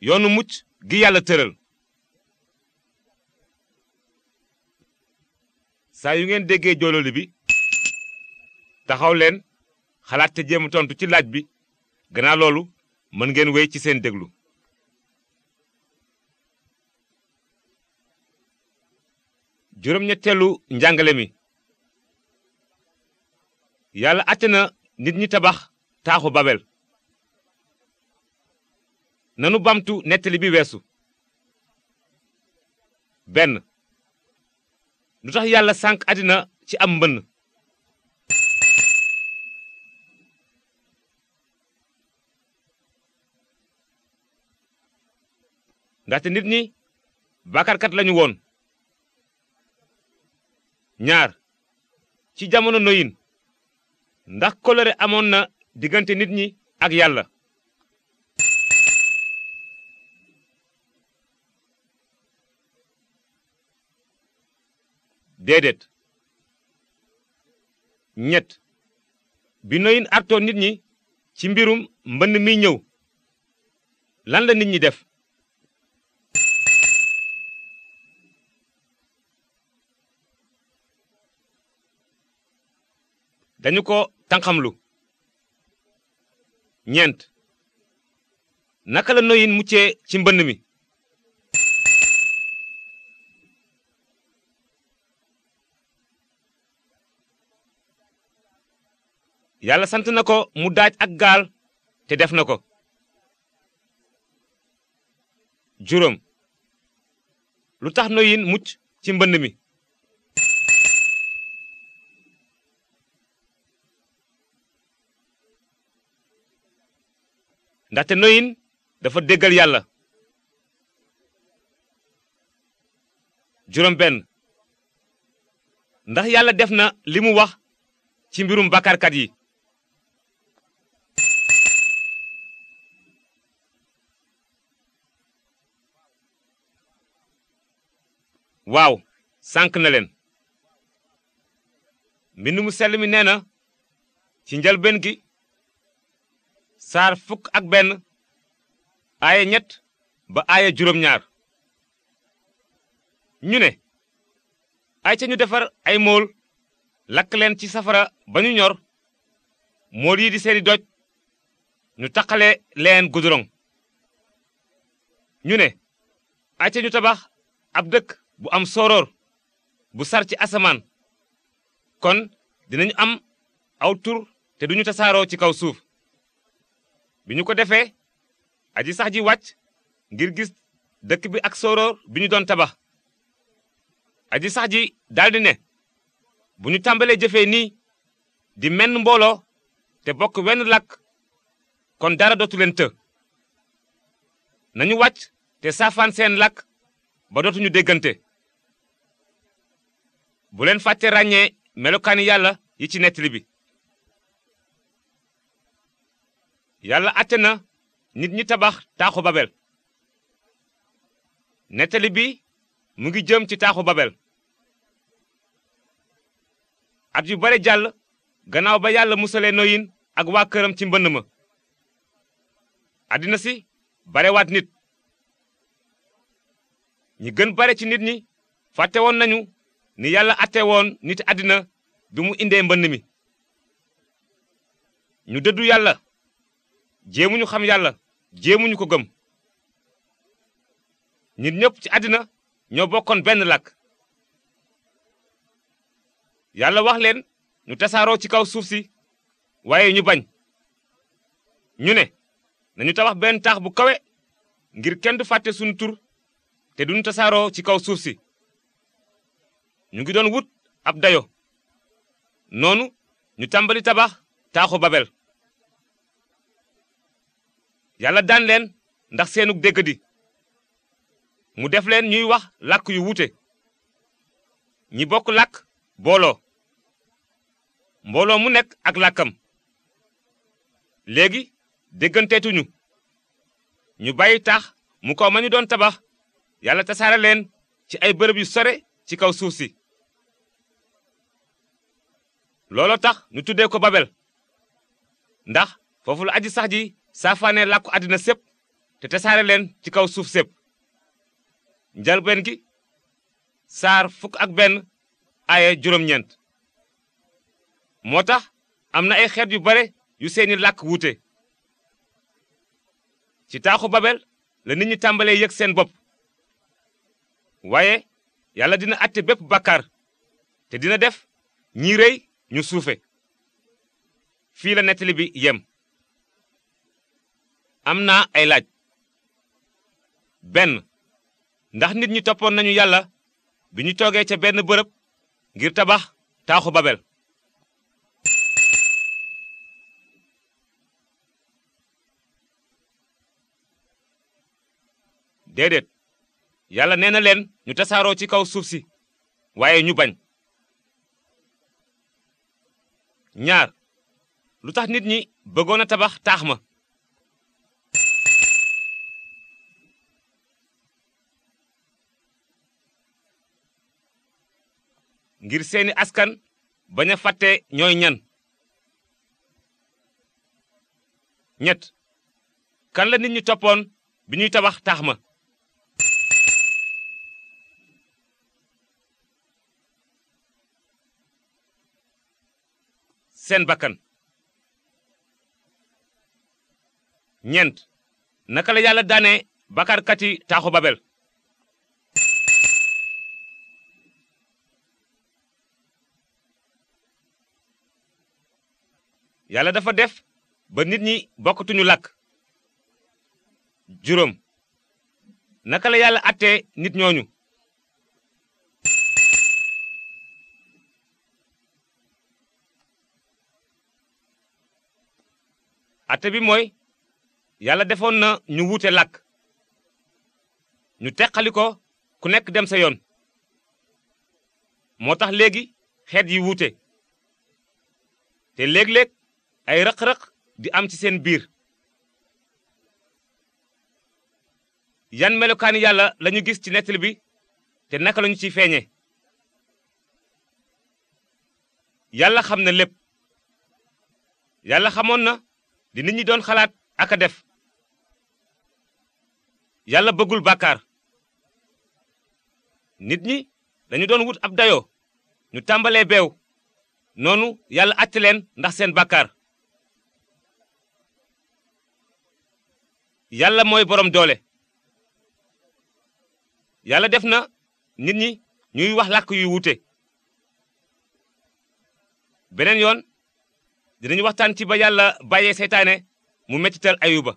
yoonu mucc gi yàlla tëral saa yu ngeen déggee joololi bi taxaw leen xalaat te jéem tontu ci laaj bi gannaaw loolu mën ngeen wéy ci seen déglu juróom-ñetteelu njàngale mi yàlla àtte na nit ñi tabax taaxu babel nanu bamtu nettali bi weesu benn lu tax yàlla sànq àddina ci am mbënn ndaxte nit ñi bàkkaarkat lañu woon ñaar ci jamono noyin ndax kóllëre amoon na diggante nit ñi ak yàlla déedéet ñett bi noyin artoo nit ñi ci mbirum mbënn mi ñëw lan la nit ñi def dañu ko tanqamlu ñent naka la noyin muccee ci mbënn mi yàlla sant na ko mu daaj ak gaal te def na ko juróom lu tax noyin mucc ci mbënn mi ndaxte noyin dafa déggal yàlla juróom benn ndax yàlla def na li mu wax ci mbirum bakkarkat yi waaw sànq na leen mbind mu sell mi nee na ci njëlbéen gi saar fukk ak benn aaya ñett ba aaya juróom-ñaar ñu ne ay ca ñu defar ay mool lakk leen ci safara ba ñu ñor mool yi di seeni doj ñu taqale leen goudron ñu ne ay ca ñu tabax ab dëkk bu am soror bu sar ci asamaan kon dinañu am aw tur te duñu tasaaroo ci kaw suuf bi ñu ko defee aji sax ji wàcc ngir gis dëkk bi ak soror bi ñu doon tabax aji sax ji daldi ne bu ñu tàmbalee jëfee nii di menn mbooloo te bokk wenn làkk kon dara dootu leen të nañu wàcc te saafaan seen làkk ba dootuñu déggante bu leen fàtte ràññee melokaani yàlla yi ci nettali bi yàlla àtte na nit ñi tabax taaxu babel nettali bi mu ngi jëm ci taaxu babel at yu bare jàll gannaaw ba yàlla musalee noyin ak waa këram ci mbënd ma àddina si barewaat nit ñi gën bare ci nit ñi fàtte woon nañu ni yàlla atte woon niti àddina bi mu indee mbënn mi ñu dëddu yàlla jéemuñu xam yàlla jéemuñu ko gëm nit ñëpp ci àddina ñoo bokkoon benn làkk yàlla wax leen ñu tasaaroo ci kaw suuf si waaye ñu bañ ñu ne nañu tabax benn taax bu kawe ngir kenn du fàtte sunu tur te duñu tasaaroo ci kaw suuf si ñu ngi doon wut ab dayo noonu ñu tàmbali tabax taaxu babel yàlla daan leen ndax seenug déggadi mu def leen ñuy wax làkk yu wuute ñi bokk làkk booloo mbooloo mu nekk ak làkkam léegi dégganteetuñu ñu bàyyi tax mu kaw ma ñu doon tabax yàlla tasaare leen ci ay bërëb yu sore ci kaw suuf si looloo tax nu tuddee ko babel ndax foofu la aji sax ji saafaane làkku àddina sépp te tasaare leen ci kaw suuf sépp njalbeen gi saar fukk ak benn aaye juróom-ñeent moo tax am na ay xeet yu bare yu seeni làkk wuute ci taaxu babel la nit ñi tàmbalee yëg seen bopp waaye yàlla dina àtte bépp bàkkaar te dina def ñi rëy ñu suufe fii la nettali bi yem am naa ay laaj benn ndax nit ñi toppoon nañu yàlla bi ñu toogee ca benn bërëb ngir tabax taaxu babel déedéet yàlla nee na leen ñu tasaaroo ci kaw suuf si waaye ñu bañ ñaar lu tax nit ñi bëggoon a tabax taax ma ngir seeni askan bañ a fàtte ñooy ñan ñett kan la nit ñi toppoon bi ñuy tabax taax ma seen bakkan ñeent naka la yàlla daane bakkaarkat yi taaxu babel yàlla dafa def ba nit ñi bokkatuñu làkk juróom naka la yàlla attee nit ñooñu atte bi mooy yàlla defoon na ñu wuute lakk ñu teqali ko ku nekk dem sa yoon moo tax léegi xeet yi wuute te léeg-léeg ay rëq-rëq di am ci seen biir yan melokaan yàlla lañu gis ci nettali bi te naka lañu ciy feeñe yàlla xam na lépp yàlla xamoon na li nit ñi doon xalaat ak a def yàlla bëggul bàkkaar nit ñi dañu doon wut ab dayo ñu tàmbalee beew noonu yàlla àtte leen ndax seen bàkkaar yàlla mooy boroom doole yàlla def na nit ñi ñuy wax làkk yu wuute beneen yoon dinañu waxtaan ci ba yàlla bàyyee seytaane mu mettital ayuba